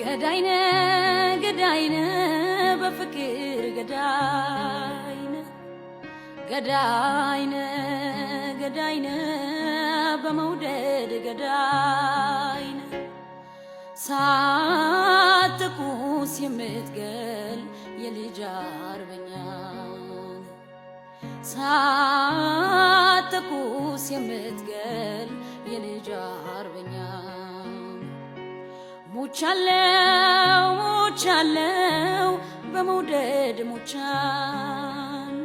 ገዳይነ ገዳይነ በፍቅር ገዳይነ ገዳይነ ገዳይነ በመውደድ ገዳይነ ሳትኩስ የምትገል የልጅ አርበኛ ሳትኩስ የምትገል የልጅ አርበኛ ሞቻለው ሞቻለው በመውደድ ሞቻለው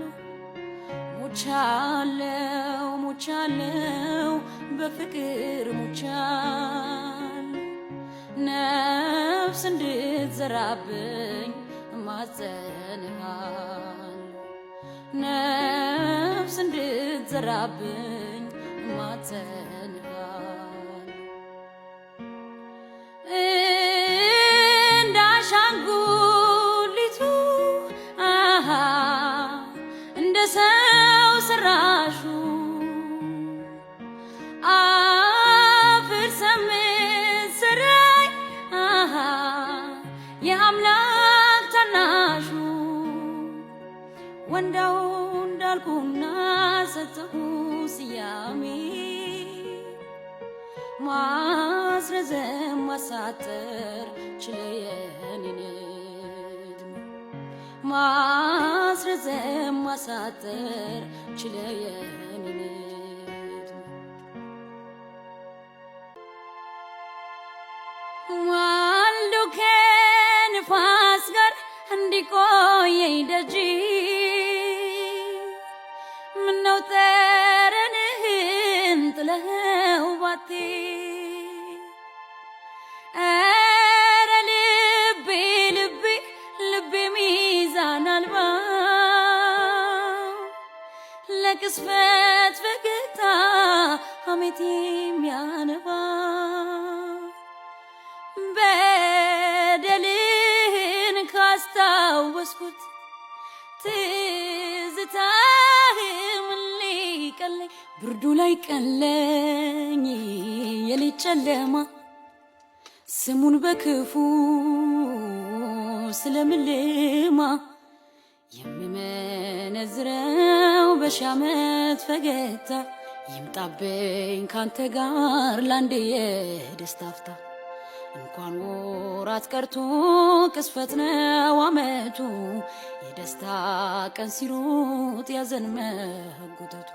ሞቻለው ሞቻለው በፍቅር ሞቻለው ነፍስ እንድትዘራብኝ ማጸንሃል ነፍስ እንድትዘራብኝ ማጸን ሰራሹ አፈር ሰማይ ሰራይ የአምላክ ታናሹ ወንዳው እንዳልኩና ሰጠሁ ስያሜ ማስረዘም ማሳጠር ችለየንን ማስረዘም ማሳጠር ችለየን ዋሉ ከንፋስ ጋር እንዲቆየ ደጅ ምነው ጠረንህን ጥለኸው ባቴ የቅስፈት ፈገግታ ሐሜት የሚያነባ በደልን ካስታወስኩት ትዝታህም ሊቀለኝ ብርዱ ላይ ቀለኝ የሌት ጨለማ ስሙን በክፉ ስለምልማ የሚመነዝረ በሺ ዓመት ፈገግታ ይምጣብኝ ካንተ ጋር ላንዴ የደስታ አፍታ። እንኳን ወራት ቀርቶ ቅስፈት ነው አመቱ፣ የደስታ ቀን ሲሮጥ ያዘን መጎተቱ